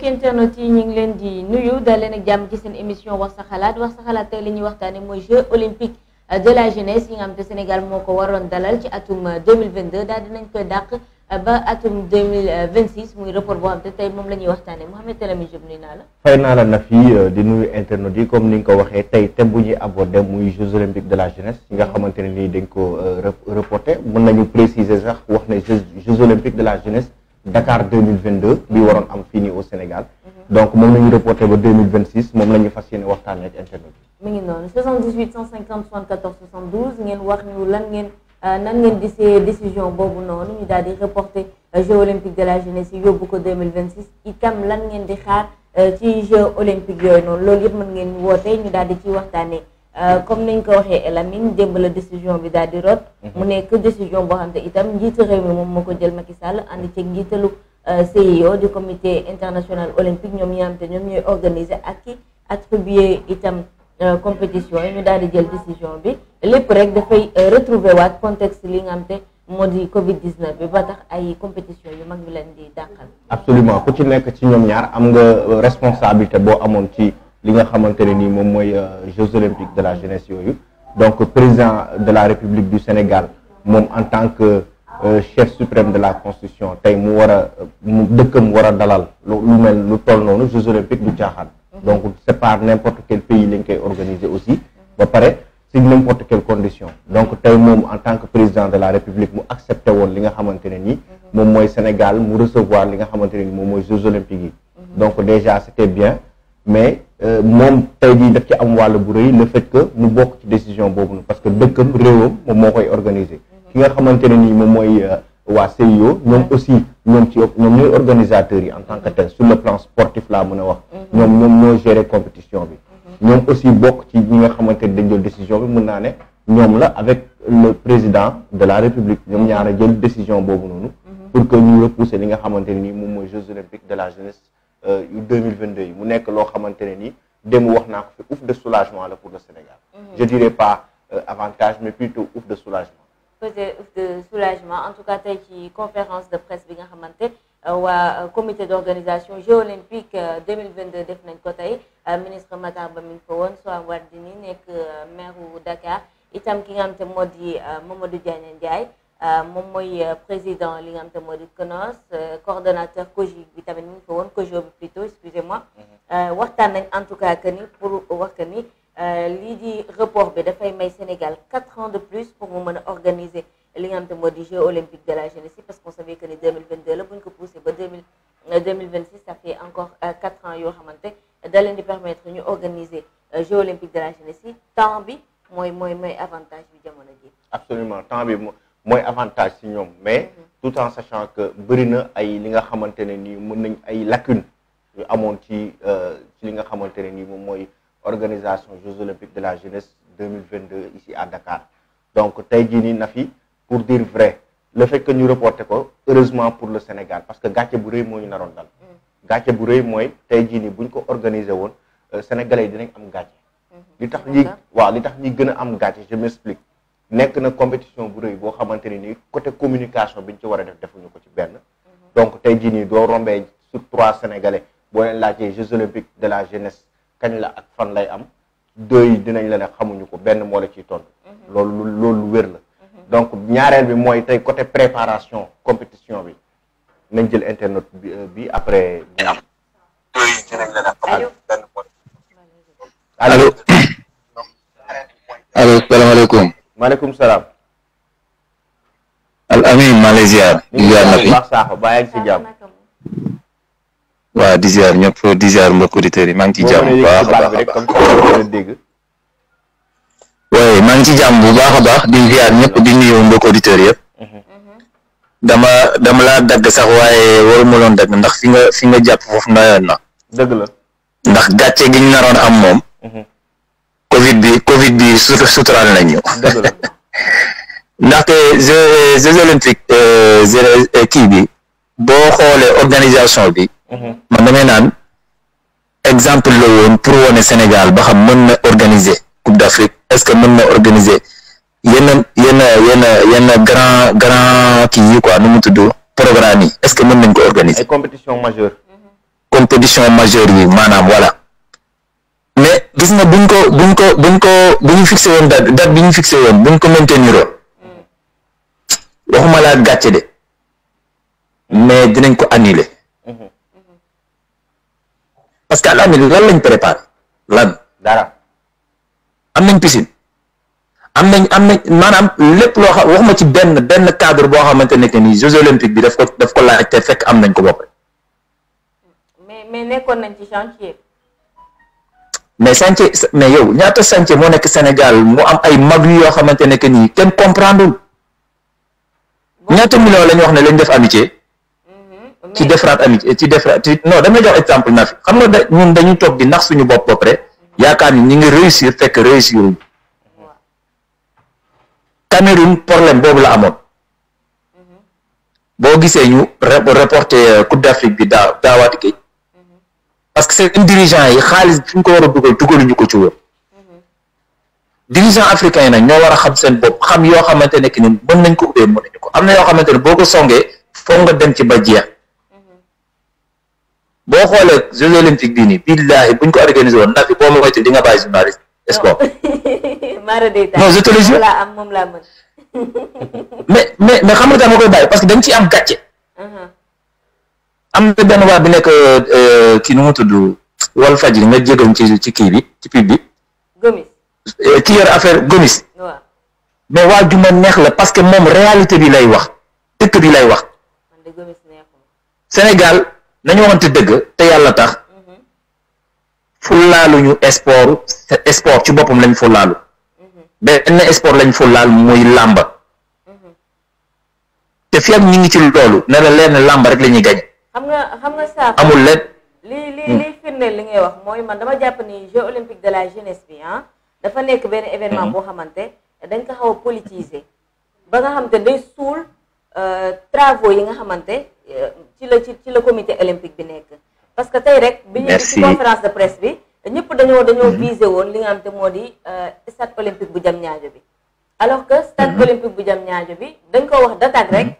mbokki internet yi ñu ngi leen di nuyu dal leen ak jàmm ci seen émission wax sa xalaat wax sa xalaat tey li ñuy waxtaane mooy jeux olympique euh, de la jeunesse yi nga xam te Sénégal moo ko waroon dalal ci atum 2022 euh, daal dinañ koy dàq euh, ba atum 2026 muy report boo xam te tey moom la ñuy waxtaane Mouhamed Telemi Diop nuyu naa la fay naa la na fii di nuyu internet yi comme ni nga ko waxee tey thème bu ñuy abordé muy jeux olympiques de la jeunesse yi nga xamante ne nii dañ ko reporté mën nañu préciser sax wax ne jeux olympiques de la jeunesse Dakar 2022 bi waroon am fini au Sénégal donc mom lañu reporter ba 2026 mom lañu fassiyene waxtane yéene ak internet mi ngi non 78 150 74 72 ngeen wax ñu lan ngeen euh, nan ngeen gisee décision bobu non ñu daal di reporté euh, Jeux olympiques de la jeunesse yi ko 2026 itam lan ngeen di xaar euh, ci Jeux olympiques yoy non loolu yëpp mën ngeen woote ñu daal di ci waxtane euh, comme niñ ko waxee Elamine démb la décision bi daal di rot. Mhm. mu nekk décision boo xam ne itam njiitu réew mi moom moo ko jël Macky Sall ànd ceeg njiitalu euh, CIO du comité international olympique ñoom ñi am te ñoom ñooy organiser ak ki attribuer itam euh, compétition yi ñu daal di jël décision bi lépp rek dafay retrouver waat contexte li nga xam te moo di Covid 19 bi ba tax ay compétition yu mag ñu leen di dàqal. absolument ku ci nekk ci ñoom ñaar am nga responsabilité boo amoon ci li nga xamanteni ni moom euh, Jeux olympiques de la jeunesse yooyu donc président de la République du Sénégal moom en tant que euh, chef suprême de la constitution tey mu war a euh, mu dëkkam war a dalal lu mel lu toll noonu Jeux olympiques du caaxaan. Mhm. donc c'est pas n'importe quel pays lañ koy organisé aussi. ba pare si n'importe quelle condition. donc tey moom en tant que président de la République mu accepté woon li nga xamante ne nii. Mhm. moom mooy Sénégal mu recevoir li nga xamante ne nii moom Jeux olympiques mhm. donc déjà c'était bien mais. Euh, moom tey jii daf ci am wàll bu rëy le fait que mu bokk ci décision boobu na parce que dëkkam réewam moom moo koy organiser ki nga xamante ne nii moom mooy euh, waa CIO ñoom aussi ñoom ci ñoom ñooy organisateurs yi en tant que tel sur le plan sportif laa mën a wax mm-hmm. ñoom ñoom ñoo gérer compétition bi mm-hmm. ñoom aussi bokk ci ñi nga xamante ni dañ jël décision bi mën naa ne ñoom la avec le président de la république ñoom ñaar a jël décision boobu noonu mm-hmm. pour que ñu repousser li nga xamante ni moom mooy jeux olympiques de la jeunesse euh, yu 2022 Il mu a ne de soulagement pour le Sénégal mhm. je dirais pas euh, avantage mais plutôt ouf de soulagement peut-être ouf de soulagement en tout cas c'est une conférence de presse bi nga par le euh, comité d'organisation jeux olympiques 2022 de nañ ko ministre Matar Ba mi ngi fa woon Soham Wardini maire Dakar itam ki nga xamante euh, Mon mooy euh, président li nga xam te moo di CNOS euh, coordonnateur COJI bi plutôt excusez-moi mhm. waxtaan nañ en tout cas que ni pour wax que di report bi dafay may Sénégal quatre ans de plus pour mu mën organiser li nga xam Jeux olympiques de la jeunesse parce qu'on savait que les 2022 le bu ñu ko poussé ba 2026 ça fait encore quatre ans yoo xamante da di permettre ñu organiser Jeux olympiques de la jeunesse yi temps bi moi mooy mooy avantage bi jamono ji absolument temps bi moins avantage si ñoom mais tout en sachant que Brune a ay li nga ni ne a mën ay lacune yu amoon ci euh, ci li nga xamante organisation Jeux olympiques de la jeunesse 2022 ici à Dakar donc tey ni na fi pour dire vrai le fait que ñu reporté ko heureusement pour le Sénégal parce que gàcce bu moi moo ñu naroon dal gàcce bu rëy mooy tey jii buñ ko organisé woon euh, sénégalais yi dinañ am gàcce mm-hmm. li tax ñi waaw li tax ñi am gàcce je m'explique nek na compétition bu reuy bo xamanteni ni côté communication biñ ci wara a def defuñu ko ci benn. Mhm. donc tey jii nii doo rombee sur trois sénégalais boo leen laajtee Jeux olympiques de la jeunesse kañ la ak fan lay am deux dinañ la ne xamuñu ko benn mo la ci tontu. loolu mhm. loolu lu la. Mhm. donc ñaareel bi moy tay côté préparation compétition bi nañ jël internet bi euh, bi après. allo salam alaykoum maaleykum salaam. al amin maa ngi lay ziar. di ziar di ziar ñëpp di ziar mbokk auditeurs yi maa ngi ci jàmm bu baax a baax waaye maa ngi ci jàmm bu baax a baax di ziar ñëpp di nuyu mbokk auditeurs mm-hmm. dama dama laa dagg sax waaye waru ma dagg ndax fi nga fi nga jàpp foofu ndayoon na. dëgg la ndax gàcce gi ñu naroon am moom. Mm-hmm. Covid bi Covid bi surtout suturaal nañu ndaxte jeux jeux olympiques euh, euh, kii bi boo xoolee organisation bi mhm. man damay naan exemple la woon pour wone Sénégal ba xam mën na organiser Coupe d'Afrique est-ce que mën na organiser yenn yenn yenn yenn grand grand kii yi quoi nu mu tudd programme yi est-ce mën nañ ko organiser compétition majeure yi maanaam voilà mais gis na buñ ko buñ ko buñ ko bu mu fixé woon date date bi ñu fixé woon buñ ko maintenir woon waxuma laa gàcce de mais dinañ ko annuler parce que à l'ami lan lañ préparé lan dara am nañ piscine am nañ am nañ maanaam lépp loo xam waxuma ci benn benn cadre boo xamante ne que ni Jeux bi daf ko daf ko laaj te fekk am nañ ko bopp mais chantier mais yow ñaata chantier moo nekk Sénégal mu am ay mag yu yoo xamante ne que nii kenn comprendre ñaata million la ñu wax ne lañu def amitié mm-hmm. ci defaraat amitié ci defaraat ci non damay jox exemple na fi xam nga da ñun dañu toog di nax suñu bopp ba pare yaakaar ni ñu ngi réussir fekk réussir wuñ Cameroun problème boobu la amoon mm-hmm. boo gisee ñu reporté euh, Coupe d'Afrique bi daaw daawaati parce que seen dirigeant yi xaalis fi ñu ko war a dugal ñu ko ci wër dirigeant africain yi nag ñoo war xam seen bopp xam yoo xamante ne que ni mën nañ ko ubbee mënuñu ko am na yoo xamante ne boo ko songee foog nga dem ci ba jeex boo xoolee Jeux olympiques bii nii billaahi buñ ko organisé woon ndax boo ma moytu di nga bàyyi journaliste sport non je te le jure mais mais mais xam nga tax ma koy bàyyi parce que dañ ci am gàcce uh-huh. am na benn waa bi nekk euh, kii nu mu tudd wal fajri nga jégoon ci ci kii bi ci pub bi. gomis euh, ki affaire gomis. mais waa ju ma neex la parce que moom réalité bi lay wax dëkk bi lay wax. Sénégal nañu waxante dëgg te yàlla tax. Mm-hmm. fulaaluñu sport sport ci boppam lañ fulaalu. Mm-hmm. benn sport lañ fulaal muy làmba. Mm-hmm. te fi ak ñu ngi ci loolu ne la leen làmba rek la ñuy gañ xam nga xam nga saa. amul lépp. li hmm. li firndeel li ngay wax mooy man dama jàpp ni Jeux olympiques de la jeunesse bi ah, dafa nekk benn événement hmm. boo xamante dañ ko xaw a politiser ba nga xamante day suul euh, travaux yi nga xamante euh, ci la ci la comité olympique bi nekk. parce que tey rek. bi ñu ci conférence de presse bi. ñëpp dañoo dañoo hmm. visé woon li nga xamante moo di euh, stade olympique bu ñaajo bi. alors que stade olympique bu ñaajo bi dañ koo wax d'attaque rek.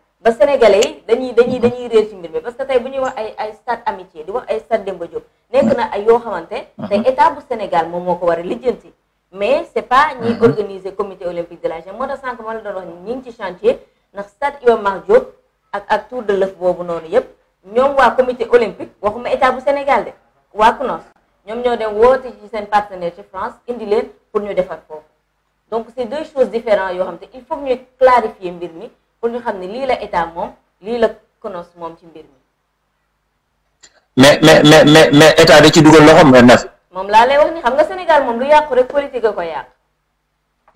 ba sénégalais dañuy dañuy dañuy réer ci mbir mi parce que tay bu ñuy wax ay ay stade amitié di wax ay stade Demba Diop nekk na ay yoo xamante uh-huh. tey état bu Sénégal moom moo ko war a lijjanti mais c'est pas ñiy uh-huh. organiser comité olympique de la jeunesse moo tax sànq ma la doon wax ñi ngi ci chantier ndax stade Iba Mar Diop ak ak tour de lëf boobu noonu yépp ñoom waa comité olympique waxuma état bu Sénégal de waa CNOS ñoom ñoo dem woote ci seen partenaire ci France indi leen pour ñu defar foofu donc c'est deux choses différentes yoo xam te il faut que clarifier mbir mi pour ñu xam ne lii la état moom lii la konos moom ci mbir mi. mais mais mais état da ci dugal loxoom na fi. moom laa lay wax ni xam nga Sénégal moom lu yàqu rek politique a ko yàq.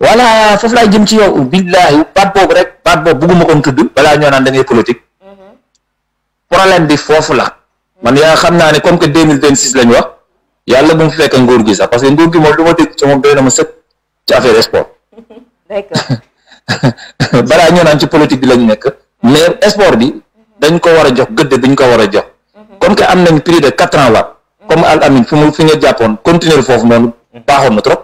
voilà foofu laay jëm ci yow billaahi baat boobu rek baat boobu bugguma ko tudd balaa ñoo naan da ngay politique. Mhm. problème bi foofu la. man yaa xam naa ne comme que deux mille vingt six la ñu wax yàlla bu mu fekk nguur gi sax parce que nguur gi moom lu ma dégg ci moom doy na ma sëkk ci balaa ñoo naan ci politique bi lañ nekk mais sport bi dañ ko war a jox gëdd bi ñu ko war a jox mhm. comme que am nañ plus de quatre ans waat comme al amin fi mu nga jàppoon continuer foofu noonu mhm. baaxoon na trop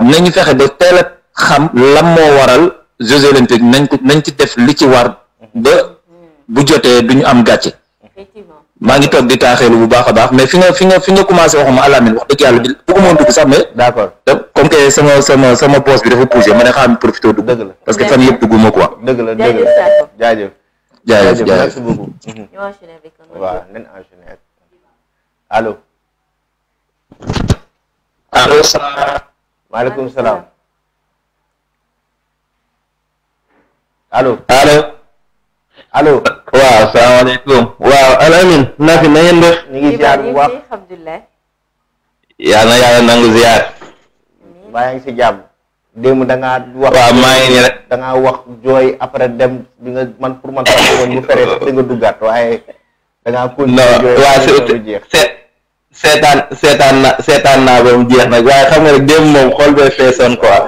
nañu fexe ba teel a xam lan moo waral jeux olympiques nañ ko nañ ci def li ci war ba mhm. bu jotee duñu am gàcce maa ngi toog di taaxeelu bu baax a baax mais fi nga fi nga fi nga commencé waxuma alamin wax dëgg yàlla di bëgg moon dugg sax mais d'accord comme que sama sama sama poste bi dafa poussé ma ne xaam profité dugg parce que fan yëpp dugguma quoi dëgg nen enchaîné ak allo waaw salaamaaleykum waaw al na fi na ngeen def ñu ngi ziar bu na yàlla nangu ziar maa ngi si jàmm démb danga ngaa wax waaw maa ngi rek da wax jooy après dem bi man pour man sax woon bu feree da nga duggaat waaye da ngaa continuer jooy waaw seetaan seetaan na seetaan naa ba mu jeex nag waaye xam nga rek moom xool bee feesoon quoi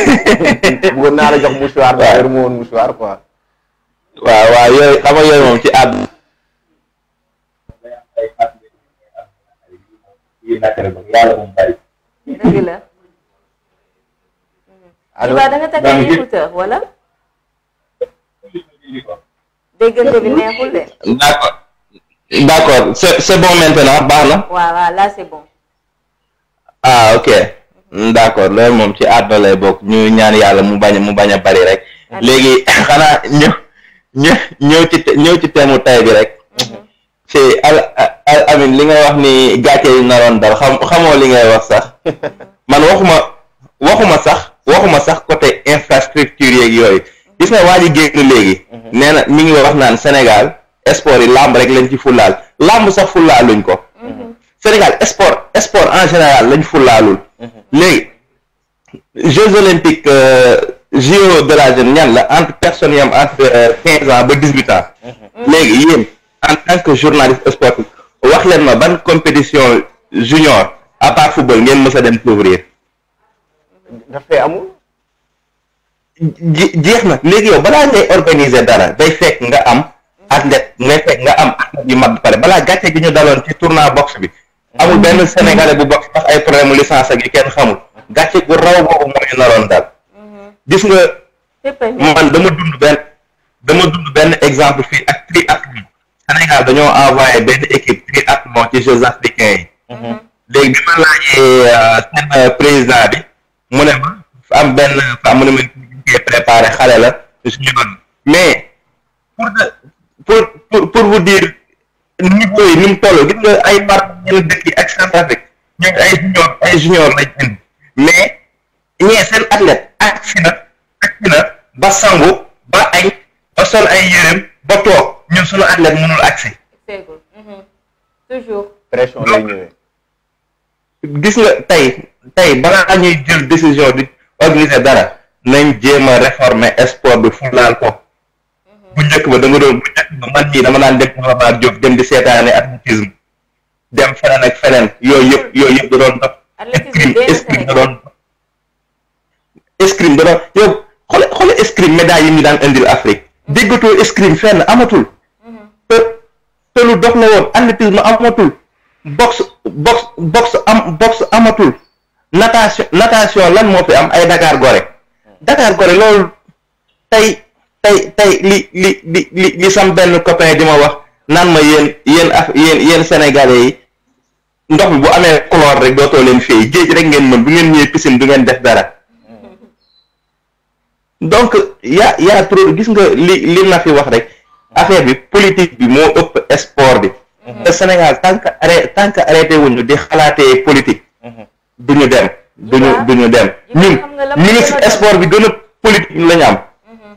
bëggoon naa la jox mouchoir da mu woon mouchoir quoi waaw waaw yooyu xam nga yooyu moom ci àdd dëgg la Iba da nga takk ay écouteur wala déggante bi neexul de d'accord d'accord c'est c'est bon maintenant baax na waaw waaw là c'est bon ah ok d'accord loolu moom ci àdduna lay bokk ñu ñaan yàlla mu bañ mu bañ a bari rek léegi xanaa ñëw ñëw ci ñëw ci teemu tay bi rek ci mm-hmm. al a amin li nga wax ni gàcce yi naroon dal xam xamoo li ngay wax sax mm-hmm. man waxuma waxuma sax waxuma sax côté infrastructure yeeg yooyu gis nga waa ji génn léegi mm-hmm. nee na mi ngi wax naan Sénégal sport yi làmb rek lañ ci fulaal làmb sax fulaaluñ ko Sénégal sport sport en général lañ fulaalul léegi Jeux olympiques euh, JO de la jeune ñan la entre personne yam entre 15 euh, ans ba 18 ans mm-hmm. légui yeen en tant que journaliste sportif wax leen ma ban compétition junior à part football ngeen mësa dem couvrir da fay amul jeex na légui yow bala ngay organiser dara day fekk nga am athlète ngay fekk nga am athlète yu mag ba pare balaa gàcce gi ñu daloon ci tournoi box bi mm-hmm. amul benn sénégalais bu box ndax ay problème licence ak yi kenn xamul gàcce gu raw boobu mooy naroon dal gis nga man dama dund benn dama dund benn exemple fii ak triathlon Sénégal dañoo envoyé benn équipe triathlon ci Jeux africains yi mhm. léegi bi ma laajee euh, seen euh, président bi mu ne ma fa am benn fa mu ne ma ñu koy préparé xale la mais pour pour pour pour vous dire niveau yi ni mu toll gis nga ay marque yenn dëkk yi ak Centrafrique ñooñu ay junior ay junior lañ indi mais ñee seen athlète ak na ak na ba sangu ba añ ba sol ay yéreem ba toog ñun suñu athlète mënul accès mhm. gis nga tey tey balaa ñuy jël décision di organiser dara nañ jéem a réformer sport bi fulaal ko mhm. bu njëkk ba da doon bu njëkk ba man ñii dama naan dem Mouhamad Diop dem di seetaane athlétisme dem feneen ak feneen yooyu yëpp yooyu yëpp da doon dox escrime escrime da doon escrime dana yow xoole xoole escrime médaille yi ñu daan indil Afrique déggatoo escrime fenn amatul mhm. te te lu dox la woon athlétisme amatul boxe boxe boxe am boxe amatul natation lan moo fi am ay Dakar Gorée Dakar Gorée loolu tey tey tey li li li li sam benn copain di ma wax naan ma yéen yéen af yéen yéen sénégalais yi ndox mi bu amee couleur rek dootoo leen fii géej rek ngeen mën bu ngeen ñëwee piscine du ngeen def dara donc ya ya trop gis nga li li na fi wax rek affaire bi politique bi moo ëpp sport bi mhm. te Sénégal tant que arrêté tant wu arrêté di xalaatee politique mhm. duñu dem duñu duñu dem ñun ministre sport bi gën a politique la ñu am mhm.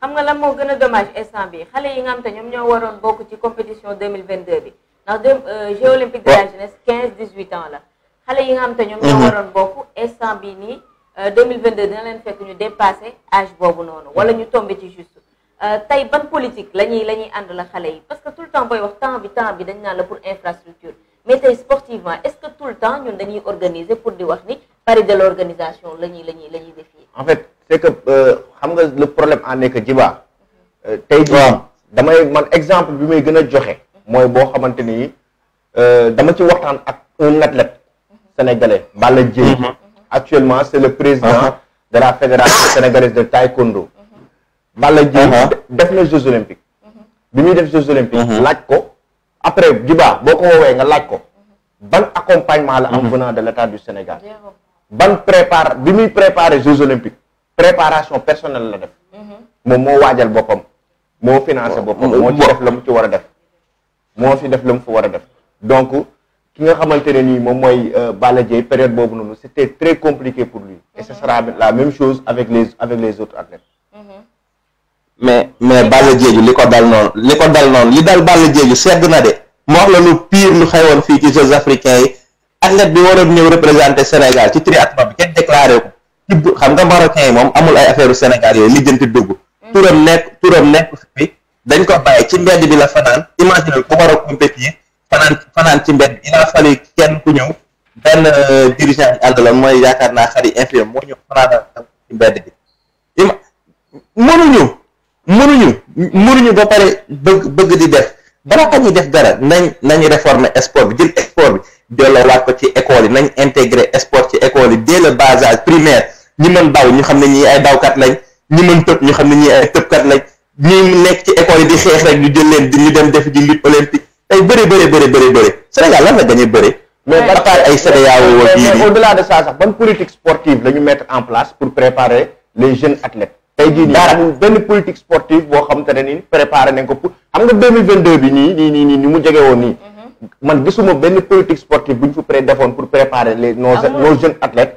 xam nga lan moo gën a dommage instant bi xale yi nga xam te ñoom ñoo waroon bokk ci compétition 2022 bi ndax dem euh, jeux olympiques de la jeunesse quinze dix huit ans la xale yi nga xam te ñoom ñoo waroon bokk instant bi nii 2022 euh, dina leen fekk ñu dépassé âge bobu noonu wala ñu tombé ci juste euh, tay ban politique lañuy lañuy and la xalé yi parce que tout le temps boy wax temps bi temps bi dañ na la pour infrastructure mais tay sportivement est-ce que tout le temps ñun dañuy organiser pour di wax ni pari de l'organisation lañuy lañuy lañuy ñuy en fait c'est que euh, xam nga le problème en est que Djiba tay jii damay man exemple bi may gëna joxé moy bo xamanteni euh dama ci waxtaan ak un athlète mhm. sénégalais Balla Dieng mhm actuellement c'est le président uh-huh. de la fédération sénégalaise de taekwondo. Uh-huh. Balla Dieng uh-huh. def na Jeux olympiques. bi muy def Jeux olympiques. laaj ko après Giba, boo beaucoup woowee nga laaj ko. ban accompagnement la venant de l'état du Sénégal. ban prépare bi préparer Jeux olympiques préparation personnelle la def. moom moo wadjal boppam. moo financer bokom. moo ci def la mu ci war def. donc ki nga xamantene ni mom moy mooy euh, Balla période bobu noonu c'était très compliqué pour lui et ce mhm. sera la même chose avec les avec les autres athlètes mhm. mais mais Balla Dieye li ko dal non li ko dal non li dal Balla Dieye sedd na de mo wax la lu pire lu xewoon fi ci Jeux africains yi athlète bi waroon ñeu représenter Sénégal ci triathlon bi kenn déclarer ko ci xam nga marocain mom amul ay affaire Sénégal li lijjanti dugg mhm. turam nek turam nek fi dañ ko bàyyi ci mbedd bi la fanaan imagine ko war a compétir fanaan fanaan ci mbedd il a fallu kenn ku ñëw benn euh, dirigeant ñu àndaloon mooy yaakaar naa xari infirme moo ñëw fanaan ci mbedd bi ima mënuñu mënuñu mënuñu ba pare bëgg bëgg di def balaa ñuy def dara nañ nañ réformer sport bi jël sport bi delloowaat ko ci école yi nañ intégrer sport ci école yi dès le bas âge primaire ñi mën daw ñu xam ne ñii ay dawkat lañ ñi mën tëb ñu xam ne ñii ay tëbkat lañ ñi nekk ci école yi di xeex rek ñu jël leen di ñu dem def di lutte ay bëri bëri bëri bëri bëri Sénégal lan la bëri. mais ba tax ay CEDEAO wala kii mais au delà de ça sax ban politique sportive la ñu mettre en place pour préparer les jeunes athlètes. tey jii nii amul benn politique sportive boo xam te ne nii préparé nañ ko pour xam nga 2022 bi nii nii nii nii ni mu jege woon nii. Mhm. man gisuma benn politique sportive bu ñu fa defoon pour préparer les nos nos jeunes athlètes.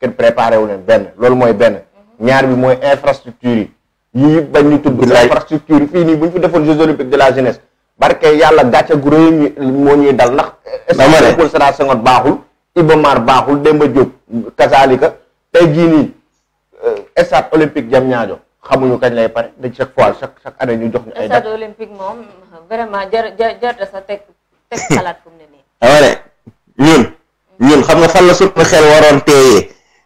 kenn préparé wu leen benn loolu mooy benn ñaar bi mooy infrastructure yi yii bañ ñu tudd infrastructure yi fii nii bu ñu fi defoon jeux olympiques de la jeunesse barke yàlla gàcce gu rëy ñu moo ñuy dal ndax Léopold Sédar Senghor baaxul Iba Mar baaxul jii nii euh, stade olympique jam ñaajo xamuñu kañ lay pare de chaque fois chaque chaque année ñu jox ay stade olympique moom vraiment jar jar sa teg teg xalaat fu ne nii. dama ah, ñun ñun xam nga fan la suñu xel waroon teeyee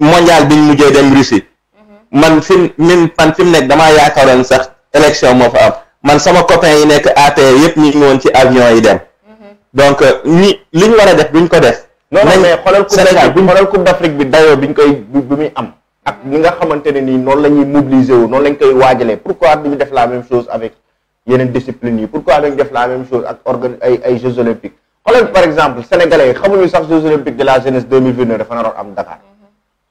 mondial biñ mujjee dem Russie mhm. man fi min man fi mu nekk damaa yaakaaroon sax élection moo fa am man sama copain yi nekk APR yëpp ñu ngi ci avion yi dem mhm. donc euh, ñi li ñu war a def duñ ko def. noonu la ñuy mobiliser wu noonu lañ waajalee pourquoi duñu def la même chose avec yeneen discipline yi pourquoi duñu def la même chose ak organ ay Jeux olympiques xoolal par exemple sénégalais xamuñu sax Jeux olympiques de la jeunesse deux mille dafa naroon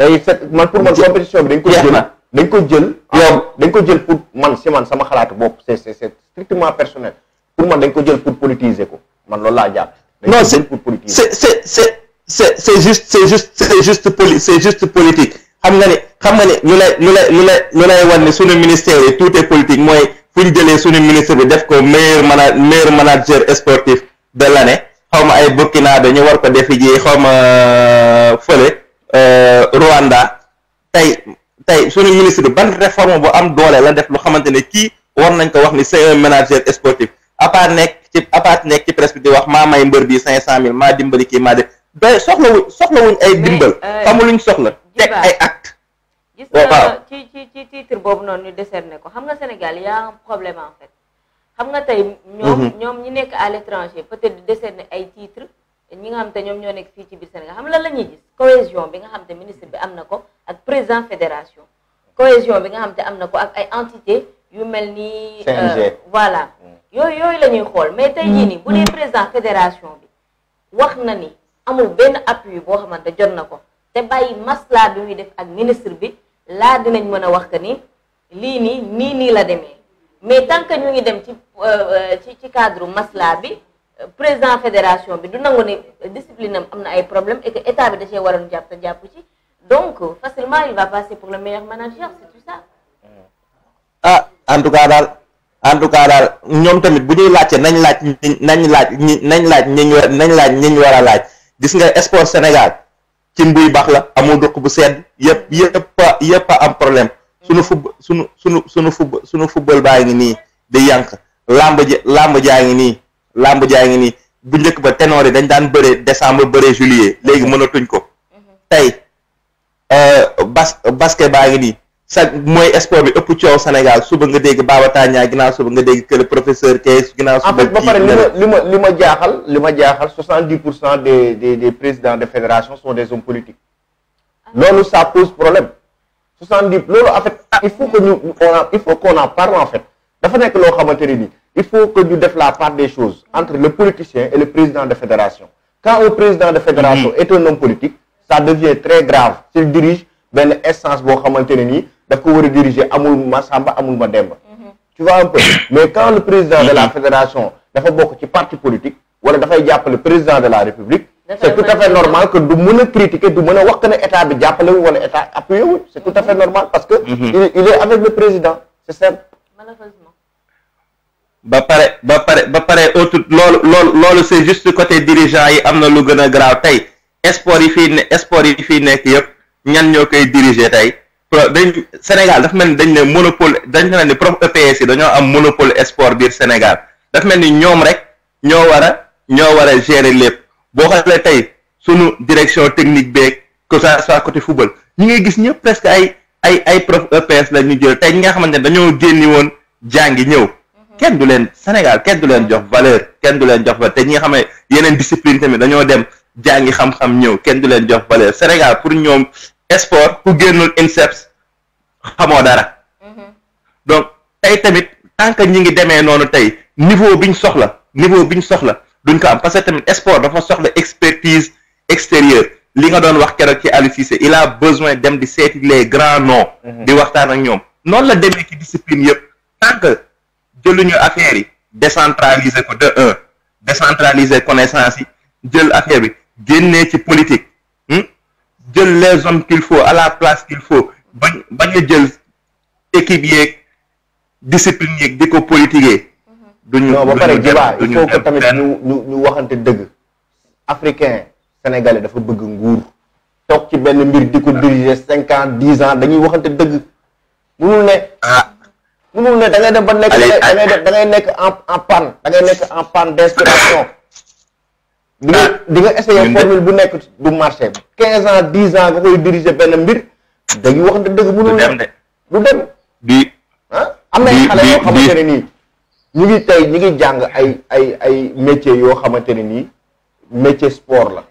day fekk man pour man dañ ko jël dañ ko jël yow dañ ko jël pour man si man sama xalaatu bopp c'est c'est strictement personnel pour man dañ ko jël pour politiser ko man loolu laa jàpp non c'est c'est c'est c'est c'est juste c'est juste c'est juste c'est juste politique xam nga ne xam nga ne ñu lay ñu lay ñu lay ñu lay wan ne suñu ministère yi tout est politique mooy fu ñu jëlee suñu ministre bi def ko meilleur mana meilleur manager sportif de ne xaw ma ay naa dañu war ko defi ji xaw ma fële Euh, Rwanda tey tey suñu ministre bi ban réforme bu am doole la def lu xamante ne kii war nañ ko wax ni c'est un manager sportif à part nekk ci à part nekk ci presse di wax maa may mbër bi cinq cent mille maa dimbali kii maa def day soxlawuñ soxlawuñ ay dimbal euh, xamuluñ soxla teg ay acte gis nga ci ci ci titre boobu noonu ñu décerné ko xam nga Sénégal y a un problème en fait xam nga tey mm-hmm. ñoom ñoom ñi nekk à l'étranger peut-être décerné ay titre ñi nga xam te ñoom ñoo nekk fii ci biir Sénégal xam lan la ñuy gis cohésion bi nga xam te ministre bi am na ko ak président fédération cohésion bi nga xam te am na ko ak ay entité yu mel nii euh, voilà mm. yooyu yooyu lañuy xool mais tey jii nii bu dee mm. président fédération bi wax na ni amul benn appui boo xamante jot na ko te bàyyi maslaa bi muy def ak ministre bi laa dinañ mën a wax que ni lii nii nii nii la demee mais tant que ñu ngi dem ci euh, euh, ci cadre maslaa bi président fédération bi du nangu ni discipline amna ay problème et que état bi da cee waroon jàpp te jàpp ci donc facilement il va passer pour le meilleur manager c'est tout ça. ah en tout cas dal en tout cas dal ñom tamit bu ñuy laajte nañ laaj nañ laaj nañ laaj ñiñ war nañ laaj ñiñ war a gis nga sport Sénégal ci mbuy bax la amul dëkk bu sedd yépp yépp yépp am problème suñu fub suñu suñu sunu fub sunu football baa ni nii di yànq làmb ji làmb jaa ngi làmb jaay ngi nii bu njëkk ba ténor yi dañ daan bëre décembre bëre juillet léegi mënatuñ ko tey euh, bas basket baa ngi nii sa mooy sport bi ëpp coow Sénégal suba nga dégg Baba Tandian ginnaaw suba nga dégg kële professeur Kay ginnaaw suba. en fait ba pare li ma li ma li ma jaaxal li ma jaaxal 70 pour cent des des des présidents de fédération sont des hommes politiques loolu ça pose problème 70 dix loolu en fait il faut que nous on il faut qu'on en parle en fait il faut que nous def la part des choses entre le politicien et le président de fédération quand le président de fédération mm-hmm. est un homme politique ça devient très grave s'il dirige vers l'essence de la fédération, il dirige ko war diriger mm-hmm. tu vois un peu mais quand le président de la mm-hmm. fédération dafa un ci parti politique ou le le président de la république c'est tout à fait normal que du mën critiquer du que ne état bi état appuyé c'est tout à fait normal parce qu'il est avec le président c'est simple malheureusement ba pare ba pare ba pare autre loolu loolu loolu c'est juste côté dirigeant yi am na lu gën a garaaw tey sport yi fii ne sport yi fii nekk yëpp ñan ñoo koy diriger tey dañ Sénégal dafa mel ni dañ ne monopole dañ ne ni prof EPS yi dañoo am monopole sport biir Sénégal dafa mel ni ñoom rek ñoo war a ñoo war a lépp boo xoolee tey sunu direction technique beeg que ça soit côté football ñi ngay gis ñëpp presque ay ay ay prof EPS la ñu jël tey ñi nga xamante ne dañoo génni woon jàngi ñëw kenn du leen Sénégal kenn du leen jox valeur kenn du leen jox valeur te ñi nga xam ne yeneen discipline tamit dañoo dem ngi xam-xam ñëw kenn du leen jox valeur Sénégal pour ñoom sport ku génnul INSEPS xamoo dara donc tey tamit tant que ñi ngi demee noonu tey niveau biñ soxla niveau biñ soxla duñ ko am parce que tamit sport dafa soxla expertise extérieure li nga doon wax keroog ci Aliou Cissé il a besoin dem di seeti les grands noms. Mhm. di waxtaan ak ñoom noonu la demee ci discipline que jëluñu affaire yi décentraliser ko de un décentraliser connaissance yi jël affaire bi génnee ci politique hmm? jël les hommes qu'il faut à la place qu'il faut bañ bañ a jël équipe yeeg discipline yeeg di ko mm-hmm. duñu ba pare débat il faut que tamit ñu ñu waxanté waxante dëgg. africain sénégalais dafa bëgg nguur. tok ci ben mbir diko ah. diriger cinq ans dix ans dañuy waxanté dëgg. mënul né ah. mënul ne da dapat dem ba nekk da ngay da nek nekk en en panne da nek nekk en panne d'inspiration. di nga di nga formule bu nek du marché. 15 ans 10 ans nga koy diriger benn mbir dañuy wax dëgg nek. di du dem bi ah am na ay xale yoo xamante ai ai ñu ngi tey ñu ngi jàng ay ay ay métiers yoo métier sport la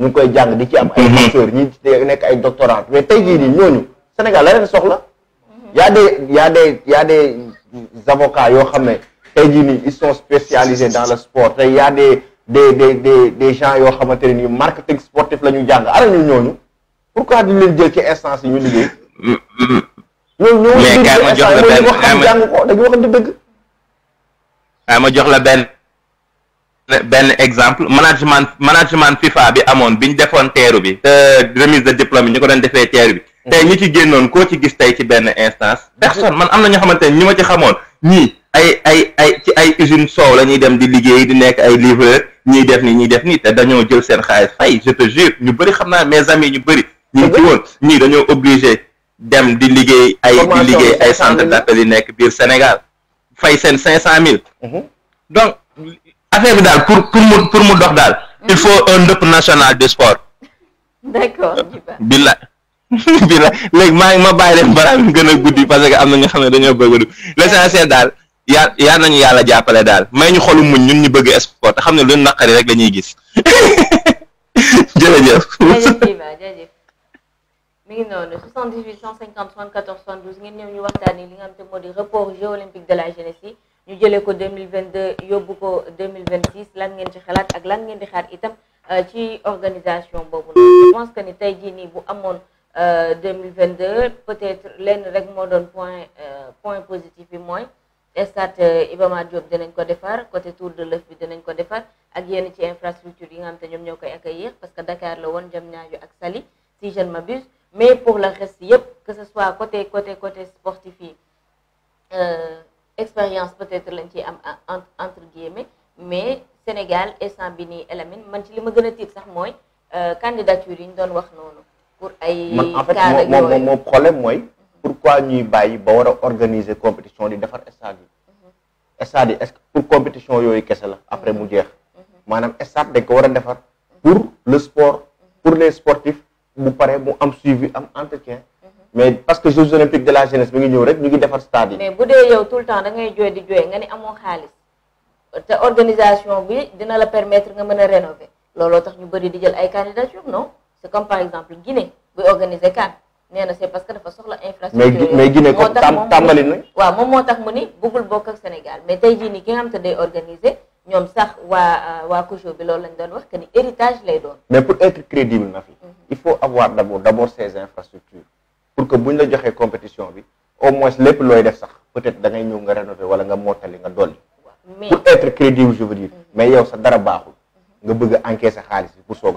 ñu koy di ci am mhm. ay master ñi nek ay doctorat mais tey jii nii ñooñu Sénégal la soxla y a des y a des y a des avocats yoo xam ne tey jii nii ils sont spécialisés dans le sport tey y a des des gens yoo xamante ne nii marketing sportif la ñu jàng ala ñu ñooñu pourquoi duñ leen jël ci instance yi ñu liggéey. ñooñu ñoo ma jox la benn benn exemple management management FIFA bi amoon bi ñu defoon teeru bi. te remise de diplôme ñu ko doon defee teeru bi. tey ñi ci génnoon koo ci gis tey ci benn instance personne man am na ñoo xamante ne ñi ma ci xamoon ñii ay ay ay ci ay usine soow la ñuy dem di liggéey di nekk ay livreur ñiy def ni ñiy def nii te dañoo jël seen xaalis fay je te jure ñu bëri xam naa mes amis ñu bëri ñu ngi ci woon ñii dañoo obligé dem di liggéey ay di liggéey ay centre d'appel yi nekk biir Sénégal fay seen cinq cent mille mhm. donc affaire bi daal pour pour mu pour mu dox daal il faut un ndëpp national du sport d'accord bila léegi maa ngi ma bàyyi leen balaa mu gën a guddi parce que am na nga xam ne dañoo bëgg du l'essentiel daal yaa yaa nañu yàlla jàppale daal may ñu xolu muñ ñun ñu bëgg sport te xam ne lu naqari rek lañuy gis jërëjëf mi ngi noonu 78 150 74 72 ngeen ñëw ñu waxtaanee li nga xam te report Jeux olympiques de la jeunesse yi ñu jëlee ko 2022 yóbbu ko 2026 lan ngeen ci xalaat ak lan ngeen di xaar itam ci organisation boobu je pense que ni tey jii bu amoon. 2022 euh, peut-être l'un rek moo doon point euh, point positif et moins. stade euh, Iba Mar Diop dinañ ko défar côté tour de l'œuf bi dinañ ko défar ak yenn ci infrastructure yi nga xam te ñoom ñoo accueillir parce que Dakar la woon Diamniadio ak Sali si je ne m'abuse mais pour le reste yëpp que ce soit côté côté côté sportif euh expérience peut-être lañ ci am entre guillemets mais Sénégal est bi nii Elamine man ci li ma gën a tiit sax candidature yi ñu doon wax non pour ay. man en fait moom moom moom problème mooy. pourquoi ñuy bàyyi ba war a organiser compétition di defar stade yi. Mhm. stade yi est-ce que pour compétition yooyu kese la après mu mhm. jeex. Mhm. maanaam stade dañ ko war a defar. pour le sport pour les sportifs bu pare mu am suivi am entretien. mais parce que Jeux olympiques de la jeunesse mi ngi ñëw rek ñu ngi defar stade yi. mais bu dee yow tout le temps da ngay jooy di jooy nga ni amoo xaalis te organisation bi dina la permettre nga mën a rénover looloo tax ñu bëri di jël ay candidature non. comme par exemple Guinée vous organisez car mais c'est parce que dafa soxla infrastructure mais Guinée comme tàmbali na waaw moom moo beaucoup mu ni Sénégal mais tey jii nii ki nga xam te day organiser ñoom sax wa waa euh, COJO bi loolu lañ doon wax que héritage lay doon mais pour être crédible ma fi mhm. il faut avoir d'abord d'abord ces infrastructures pour que vous ñu la compétition bi au moins les plus loin def sax peut-être da ngay ñëw nga rénover wala nga mottali nga Mais... pour être crédible je veux dire mhm. mais il sa dara baaxul mhm. nga bëgg a encaisser xaalis bi pour soog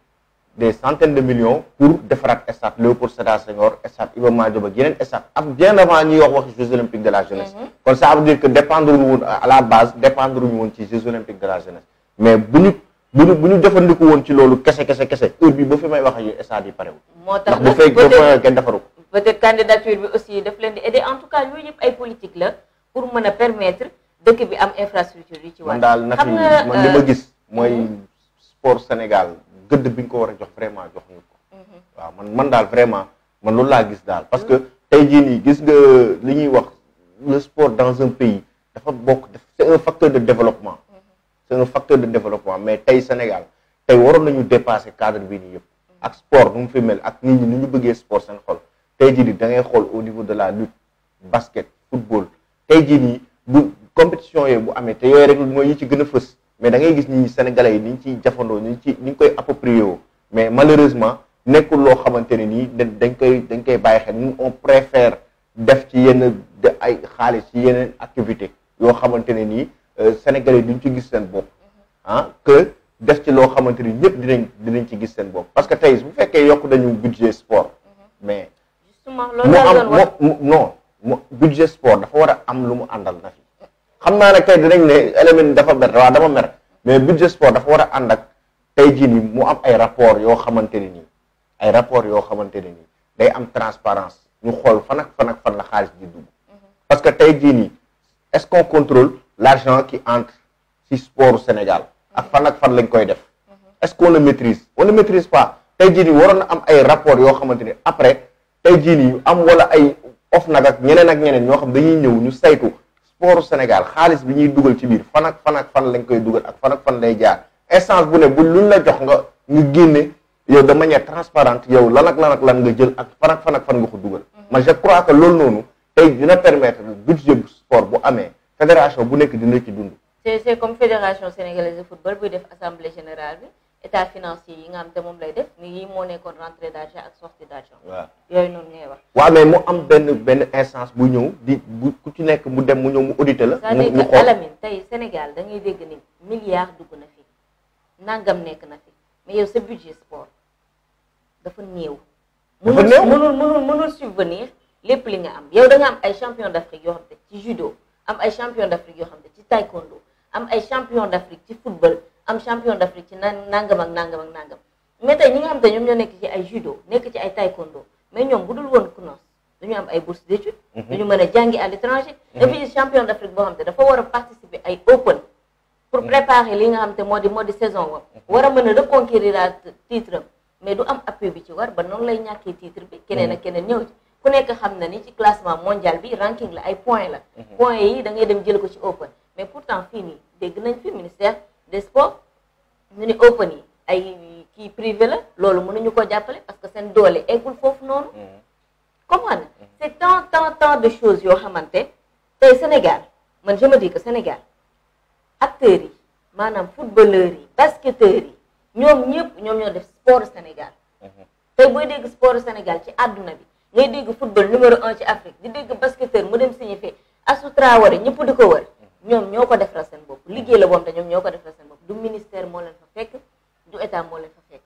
des centaines de millions pour defaraat stade pour Sédar Senghor stade Iba Mar Diop ak yeneen stade ab bien avant ñuy wax waxi Jeux olympiques de la jeunesse. Mhm. kon ça veut dire que dépendre à la base dépendre ñu woon ci Jeux olympiques de la jeunesse mais bu ñu bu ñu bu ñu jëfandiku woon ci loolu kese kese kese heure bi ba fi may wax ak yooyu stade yi parewul. moo tax bu fekkee kenn defaru ko. peut-être candidature bi aussi daf leen di aider en tout cas yooyu yëpp ay politique là pour mën permettre dëkk bi am infrastructure yi ci wàll. xam nga man daal man li euh, gis mooy mhm. sport Sénégal. gëdd bi ñu ko war a jox vraiment jox ñu ko. Mhm. waaw man man daal vraiment man loolu laa gis daal parce que tey jii gis nga li ñuy wax le sport dans un pays dafa bokk c'est un facteur de développement. Mhm. c'est un facteur de développement mais tey Sénégal tey waroon nañu dépasser cadre bi nii yëpp. Mhm. ak sport nu mu fi mel ak nit ñi nu ñu bëggee sport seen xol tey jii nii da ngay xool au niveau de la lutte basket football tey jii nii bu compétition yooyu bu amee te yooyu rek mooy ci gën a fës. mais dangay gis nii Sénégalais yi ni ñu ciy jafandoo ni ñu ci ni ñu koy approprié woo mais malheureusement nekkul loo xamante ne nii dañ koy dañ koy bàyyi xel ñun on préfère def ci yenn ay xaalis ci yeneen activité yoo xamante ne nii euh, Sénégalais yi duñ ci gis seen bopp ah que def ci loo xamante ni ñëpp dinañ dinañ ci gis seen bopp parce que tey bu fekkee yokk nañu budget sport mais mu am non mu budget sport dafa war a am lu mu àndal na fi xam naa nag tey dinañ ne élément dafa mer waaw dama mer mais budget sport dafa war a ànd ak tey jii nii mu am ay rapport yoo xamante ne nii ay rapport yoo xamante ne nii day am transparence ñu xool fan ak fan ak fan la xaalis di dugg mm-hmm. parce que tey jii nii est-ce qu'on contrôle l'argent qui entre ci sport Sénégal mm-hmm. ak fan ak fan lañ koy def mm-hmm. est-ce qu'on le maîtrise on ne maîtrise pas tey jii nii waroon na am ay rapport yoo xamante ni après tey jii nii am wala ay of nag ak ñeneen ak ñeneen ñoo xam dañuy ñëw ñu saytu sport Sénégal xaalis bi ñuy dugal ci biir fan ak fan lañ koy dugal ak fan ak lay jaar essence bu ne bu luñ la jox nga ñu génne yow de manière transparente yow lan ak lan ak lan nga jël ak fan ak fan nga ko dugal. Mm-hmm. man je crois que loolu noonu tey dina permettre budget bu sport bu amee fédération bu nekk dina ci dund. c'est comme fédération sénégalaise de football buy def assemblée générale bi. état financier yi nga xam te moom lay def ni yi moo nekkoon rentrée d'argent ak d'argent waaw mais mu am benn benn instance bu ñëw di ku ci nekk mu dem mu ñëw mu auditer la mu xool tey Sénégal da ngay dégg ni milliard dugg na fi nangam nekk na mais yow budget sport dafa néew mënul mënul mënul subvenir lépp li nga am yow da nga am ay champion d'Afrique yoo xam judo am ay champion d'Afrique yoo xam taekwondo am ay champion d'Afrique ci football am champion d'Afrique ci nangam ak nangam ak nangam mais tey ñi nga xam te ñoom ñoo nekk ci ay judo nekk ci ay taekwondo mais ñoom bu dul woon CNOSS dañu am ay bourse d'études mhm. dañu mën a mhm. a ay open pour mhm. préparer a mën a du am appui bi ci war ba noonu lay ñàkkee titre bi keneen keneen ñëw ci ku nekk xam na ci classement mondial bi ranking la ay points la points yi da ngay dem jël ko ci open mais pourtant fii nii dégg nañ fi ministère des sports ñu ni open yi ay kii privé la loolu mënuñu ko jàppale parce que seen doole eggul foofu noonu mm-hmm. comprendre mm-hmm. c'est tant tant tant de choses yoo xamante tey Sénégal man je me dis Sénégal acteurs yi maanaam footballeurs yi basketteurs yi ñoom ñëpp ñoom ñoo def sport Sénégal mm-hmm. tey booy dégg sport Sénégal ci àdduna bi ngay dégg football numéro un ci Afrique di dégg basketteur mu dem signifié Asou Traoré ñëpp di ko wër ñoom ñoo ko defal seen bopp liggéey la boom te ñoom ñoo ko defal seen bopp du ministère moo leen fa fekk du état moo leen fa fekk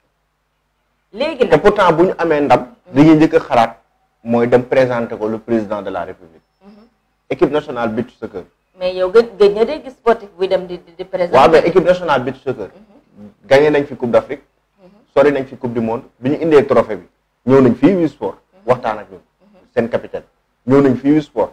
léegi nag. bu ñu amee ndam. li njëkk xalaat mooy dem présenter ko le président de la république. Mhm. équipe nationale beach soccer. mais yow gëj gis sportif buy dem di di présenter. waaw mais équipe nationale beach mhm. nañ fi coupe d' Afrique. Mhm. sori nañ fi coupe du monde bi ñu indee trophée bi ñëw nañ fii Wii Sport waxtaan ak ñun seen capitaine ñëw nañ fii Wii Sport.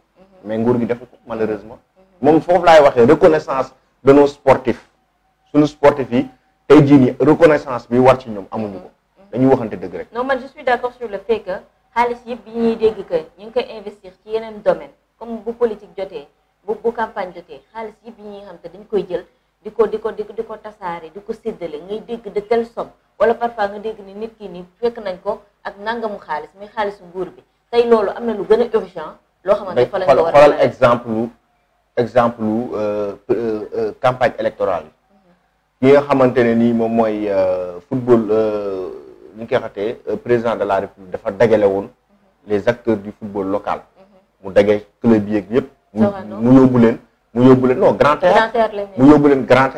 mais nguur gi defu ko malheureusement mom fofu lay waxe reconnaissance de nos sportifs sunu sportifs yi tey jii reconnaissance bi war ci ñom amuñu ko dañuy waxante deug rek. non man je suis d'accord sur le fait que xaalis yëpp bi ñi dégg que ñu ngi koy investir ci yeneen domaine comme bu politique joté bu bu campagne joté xaalis yëpp bi ñi xam te dañ koy jël diko diko diko ko diko ko tasaare ngay dégg de telle somme wala parfois nga dégg ni nit ki ni fekk nañ ko ak nangamu xaalis muy xaalisu nguur bi tay loolu am na lu gën a urgent loo exemple exemple euh, euh, euh, campagne électorale football président de la république les acteurs du football local. Mhm. mu dage club mu mu non grand théâtre mu grand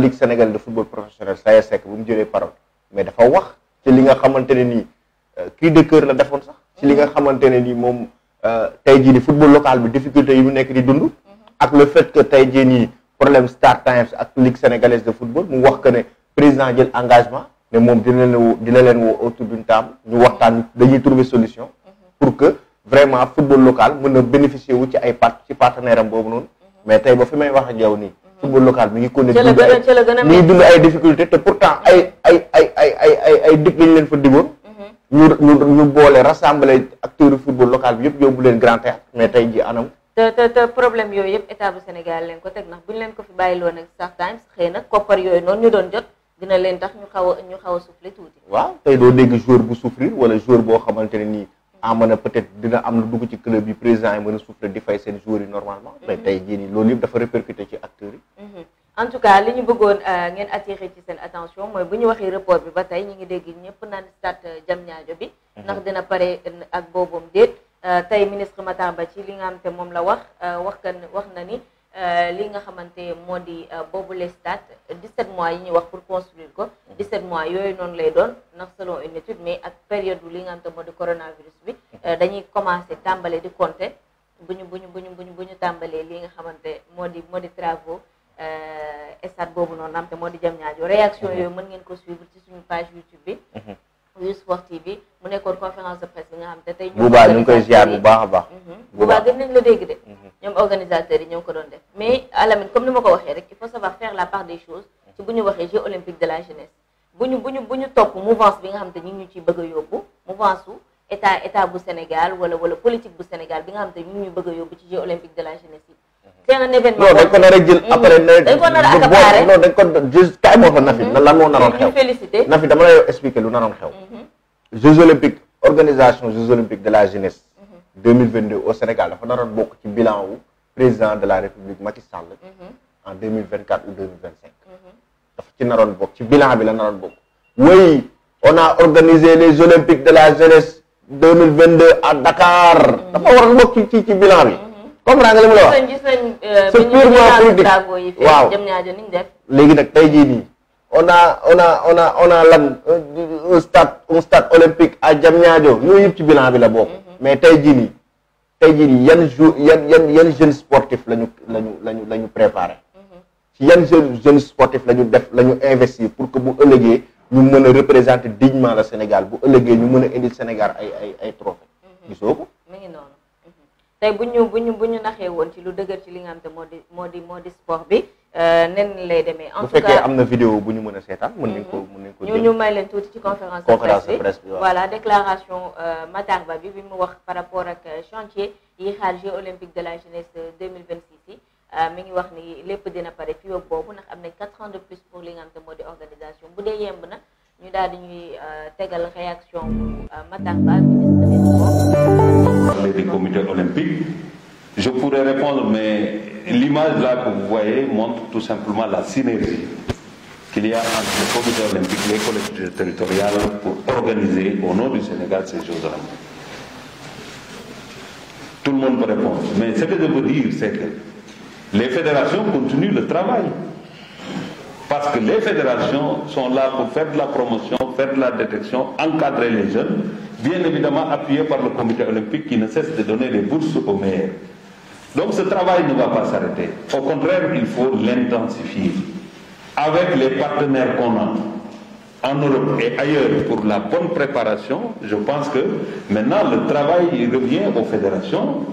ligue sénégalaise de football professionnel Sayer les vous parole mais wax li nga cri de la défense. li nga xamante ne ni moom tey jii di football local bi difficulté yi mu nekk di dund. ak le fait que tey jii nii problème Star Times ak ligue sénégalaise de football mu wax que ne président jël engagement ne moom dina leen woo dina leen woo autour d'une table ñu waxtaan dañuy trouver solution. pour que vraiment football local mën na bénéficier wu ci ay part ci partenaire boobu noonu. mais tey ba fi may wax ak yow nii. football local mi ngi continuer. dund ay difficulté ay ay ay ñu ñu ñu boole rassembler acteurs football local bi yëpp yóbbu leen grand théâtre mais tey ji anam. te te te problème yooyu yëpp état bu Sénégal leen ko teg nax bu ñu leen ko fi bàyyi woon ak Star Times xëy na koppar yooyu noonu ñu doon jot dina leen tax ñu xaw ñu xaw a souffler tuuti. waaw tey doo dégg joueur bu souffrir wala joueur boo xamante ne nii. ah mën a être dina am lu dugg ci club yi président yi mën a di fay seen joueurs yi normalement. Mm-hmm. mais tey jii nii loolu yëpp dafa répercuté ci acteurs yi. Mm-hmm. en tout cas li ñu bëggoon euh, ngeen attirer ci seen attention mooy bu ñu waxee report bi ba tey ñu ngi dégg ñëpp naan stade Diamniadio euh, bi. Mhm. ndax dina pare ak boobam déet. Euh, tey ministre Matar Ba ci li nga xamante moom la wax wax kan wax na ni li nga xamante moo di boobu le stade 17 mois yi ñu wax pour construire ko. 17 mhm. mois yooyu noonu lay doon ndax selon une étude mais ak période li nga xamante moo di coronavirus bi. Mhm. dañuy commencé tàmbale di compter bu ñu bu ñu bu ñu bu ñu tàmbalee li nga xamante moo di moo di travaux. Euh, stade boobu noonu am te moo di jëm ñaajo réaction mhm. yooyu mën ngeen ko suivre ci suñu page YouTube bi mhm. yu sport TV mu nekkoon conférence de presse bi nga xam te tey buba ñu ngi koy ziar bu baax a baax mhm. buba gën nañ la dégg de ñoom organisateurs yi ñoo ko doon def mais alamin comme ni ma ko waxee rek il faut savoir faire la part des choses ci bu ñu waxee jeux olympiques de la jeunesse bu ñu bu ñu bu ñu topp mouvance bi nga xam te ñu ngi ñu ciy bëgg a yóbbu mouvance état état bu Sénégal wala wala politique bu Sénégal bi nga xam te ñu ñu bëgg a yóbbu ci jeux olympique de la jeunesse yi non dañ ko nar a jël mm-hmm. après. dañ ko nar a non dañ ko juste kaay moo fa Nafi mm-hmm. lan moo naroon xew. félicité Nafi dama lay expliquer lu naroon xew. Mm-hmm. Jeux olympiques organisation Jeux olympiques de la jeunesse. 2022 au Sénégal dafa naroon bokk ci bilan wu président de la République Macky Sall. en 2024 ou 2025. dafa ci naroon bokk ci bilan bi la naroon bokk. oui on a organisé les olympiques de la jeunesse 2022 à Dakar. dafa waroon bokk ci ci bilan bi. comprendre nga li mu la wax. c'est purement politique léegi nag tey jii nii on a on a on a on a lan un stade un stade olympique à Diamniadio yooyu yëpp ci bilan bi la bokk. Mhm. mais tey jii nii tey jii yan jou yan yan yan jeune sportif la ñu la ñu la la ñu préparé. Mhm. ci yan jeune jeune sportif la ñu def la ñu investir pour que bu ëllëgee ñu mën a représenter dignement le Sénégal bu ëllëgee ñu mën a indil Sénégal ay ay ay trophée mhm. gisoo ko. tey bu ñu ñu bu ñu naxee woon ci lu dëgër ci li moo di moo di moo di sport bi euh, nen lay demee. en bu fekkee am na video bu ñu mën a seetaan. mun nañu ko mhm. mën nañu ko ñu ñu may leen tuuti ci conférence de presse bi presse bi voilà déclaration euh, Matar bi bi mu wax par rapport ak euh, chantier yi xaar Jeux olympiques de la jeunesse 2026 yi mi ngi wax ni lépp dina pare fii ak boobu ndax am nañ 4 ans de plus pour li moo di organisation bu dee yemb na ñu daal di ñuy tegal réaction Matar Ba ministre Des du comité olympique. Je pourrais répondre, mais l'image là que vous voyez montre tout simplement la synergie qu'il y a entre le comité olympique et les collectivités territoriales pour organiser au nom du Sénégal ces Jeux olympiques. Tout le monde peut répondre. Mais ce que je veux dire, c'est que les fédérations continuent le travail. Parce que les fédérations sont là pour faire de la promotion, faire de la détection, encadrer les jeunes, bien évidemment appuyés par le comité olympique qui ne cesse de donner des bourses aux maires. Donc ce travail ne va pas s'arrêter. Au contraire, il faut l'intensifier avec les partenaires qu'on a en Europe et ailleurs pour la bonne préparation. Je pense que maintenant le travail revient aux fédérations,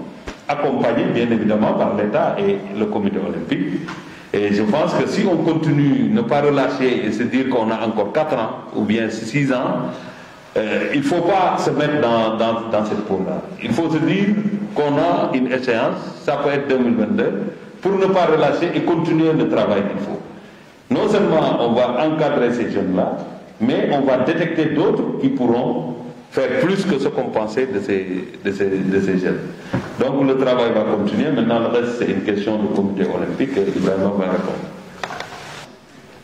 accompagné bien évidemment par l'État et le comité olympique et je pense que si on continue, ne pas relâcher et se dire qu'on a encore 4 ans ou bien 6 ans, euh, il ne faut pas se mettre dans, dans, dans cette peau-là. Il faut se dire qu'on a une échéance, ça peut être 2022, pour ne pas relâcher et continuer le travail qu'il faut. Non seulement on va encadrer ces jeunes-là, mais on va détecter d'autres qui pourront faire plus que ce qu'on pensait de ces, de ces, de ces jeunes. Donc le travail va continuer. Maintenant, le reste, c'est une question du comité olympique et Ibrahim va répondre.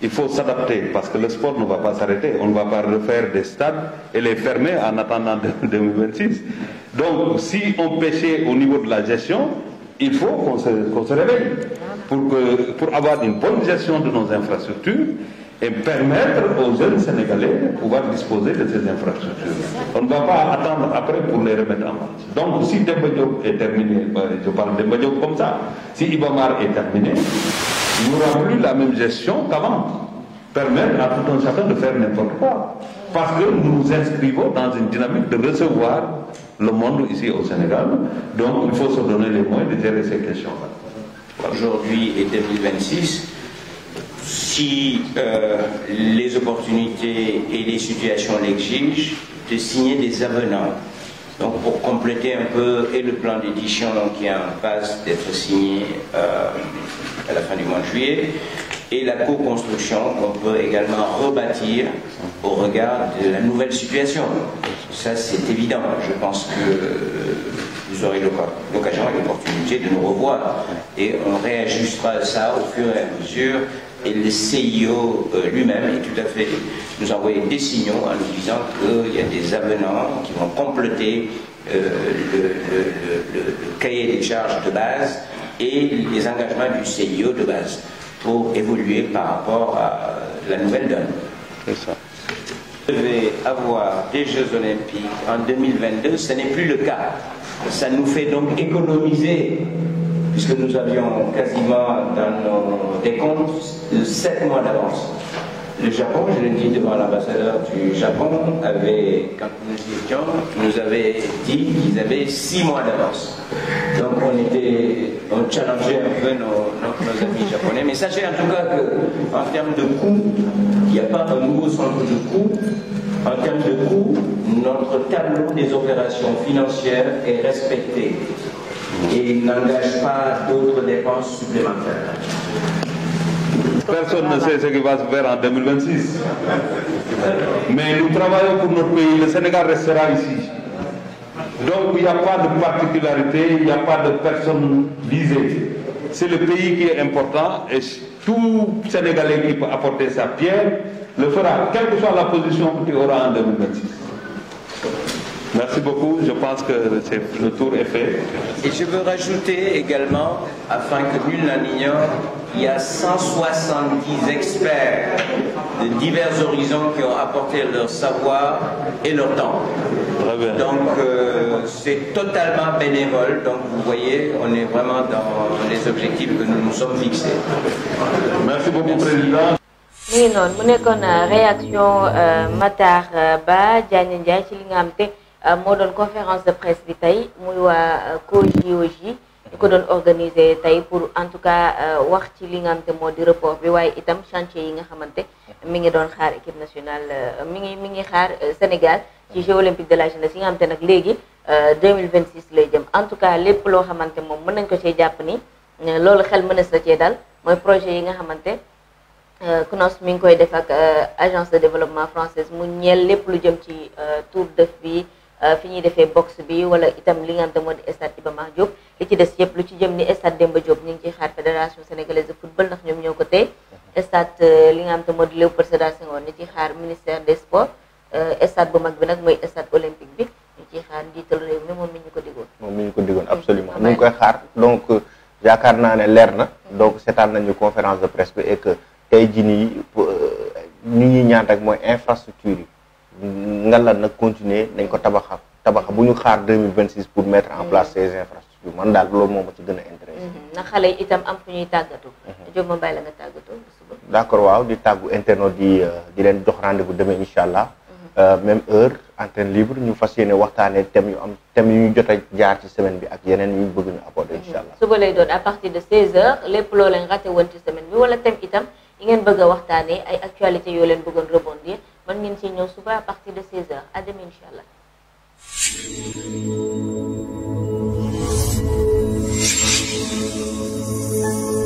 Il faut s'adapter parce que le sport ne va pas s'arrêter. On ne va pas refaire des stades et les fermer en attendant 2026. Donc, si on pêchait au niveau de la gestion, il faut qu'on se, réveille pour avoir une bonne gestion de nos infrastructures et permettre aux jeunes Sénégalais de pouvoir disposer de ces infrastructures. On ne va pas attendre après pour les remettre en marche. Donc si Demba est terminé, ben, je parle comme ça, si Ibamar est terminé, il n'y aura plus la même gestion qu'avant. Permettre à tout un chacun de faire n'importe quoi. Parce que nous nous inscrivons dans une dynamique de recevoir le monde ici au Sénégal. Donc il faut se donner les moyens de gérer ces questions-là. Aujourd'hui est 2026, si euh, les opportunités et les situations l'exigent, de signer des avenants. Donc pour compléter un peu, et le plan d'édition qui est en passe d'être signé euh, à la fin du mois de juillet, et la co-construction qu'on peut également rebâtir au regard de la nouvelle situation. Ça c'est évident, je pense que euh, vous aurez l'occasion et l'opportunité de nous revoir et on réajustera ça au fur et à mesure et le CIO euh, lui-même est tout à fait nous envoyé des signaux en nous disant qu'il y a des avenants qui vont compléter euh, le, cahier des charges de base et les engagements du CIO de base pour évoluer par rapport à la nouvelle donne. Vous devez avoir des Jeux Olympiques en 2022, ce n'est plus le cas. Ça nous fait donc économiser puisque nous avions quasiment dans nos décomptes sept mois d'avance. Le Japon, je l'ai dit devant l'ambassadeur du Japon, avait, quand nous étions, nous avait dit qu'ils avaient six mois d'avance. Donc on était, on challengeait un peu nos, amis japonais. Mais sachez en tout cas qu'en termes de coût, il n'y a pas un nouveau centre de coût. En termes de coût, notre tableau des opérations financières est respecté et il n'engage pas d'autres dépenses supplémentaires. Personne ne sait ce qui va se faire en 2026. Mais nous travaillons pour notre pays. Le Sénégal restera ici. Donc il n'y a pas de particularité, il n'y a pas de personne visée. C'est le pays qui est important et tout Sénégalais qui peut apporter sa pierre le fera, quelle que soit la position qu'il aura en 2026. Merci beaucoup. Je pense que le tour est fait. Et je veux rajouter également, afin que nul n'en ignore, il y a 170 experts de divers horizons qui ont apporté leur savoir et leur temps. Donc euh, c'est totalement bénévole. Donc vous voyez, on est vraiment dans les objectifs que nous nous sommes fixés. Merci beaucoup, Président. Euh, réaction euh, Matar Ba euh, moo conférence de presse bi tey muy waa euh, COJOJ ñu ko doon organiser tey pour en tout cas euh, wax ci li nga xamante moo di report bi waaye itam chantier yi nga xamante mi ngi doon xaar équipe nationale mi ngi mi ngi xaar Sénégal ci Jeux olympiques de la jeunesse yi nga xamante nag léegi 2026 lay jëm en tout cas lépp loo xamante moom mën nañ ko cee jàpp ni loolu xel mënees na cee dal mooy projet yi nga xamante CNOSS mi ngi koy def ak agence de développement française mu ñeel lépp lu jëm ci Tour de vie Euh, fi ñuy defee box bi wala itam li nga moo di stade Iba Mar li ci des yëpp lu ci jëm ni stade Demba Diop ñu ngi ciy xaar fédération sénégalaise de football ndax ñoom ñoo ko tey stade euh, li ngante xam te moo di Léopold Sédar Senghor ñu ciy xaar ministère des euh, bi nag mooy stade olympique bi ñu ciy xaar njiital moom mi ñu ko digoon moom mi ñu ko digoon absolument ñu ngi koy xaar donc yaakaar naa ne leer na donc seetaan nañu conférence de presse bi et que tey jii nii ñu ñuy ñaan rek mooy infrastructure yi ngan la nag continuer dañ ko tabaxa tabaxa bu ñu xaar 2026 pour mettre en place ces infrastructures man daal loolu moo ma ci gën a intéressé mhm. na xale yi itam am fu ñuy tàggatu Diop mhm. ma bàyyi la nga tàggatoo d' accord waaw di tàggu internautes yi euh, di leen jox rendez-vous demain incha allah mhm. euh, même heure antenne libre ñu fas yéene waxtaanee thèmes yu am tem yu ñu jot a jaar ci semaine bi ak yeneen yu ñu bëgg ñu aborder incha allah suba lay doon à partir de 16h lépp loo leen raté woon ci semaine bi wala thème a waxtaanee mën ngeen ci suba à partir de 16h à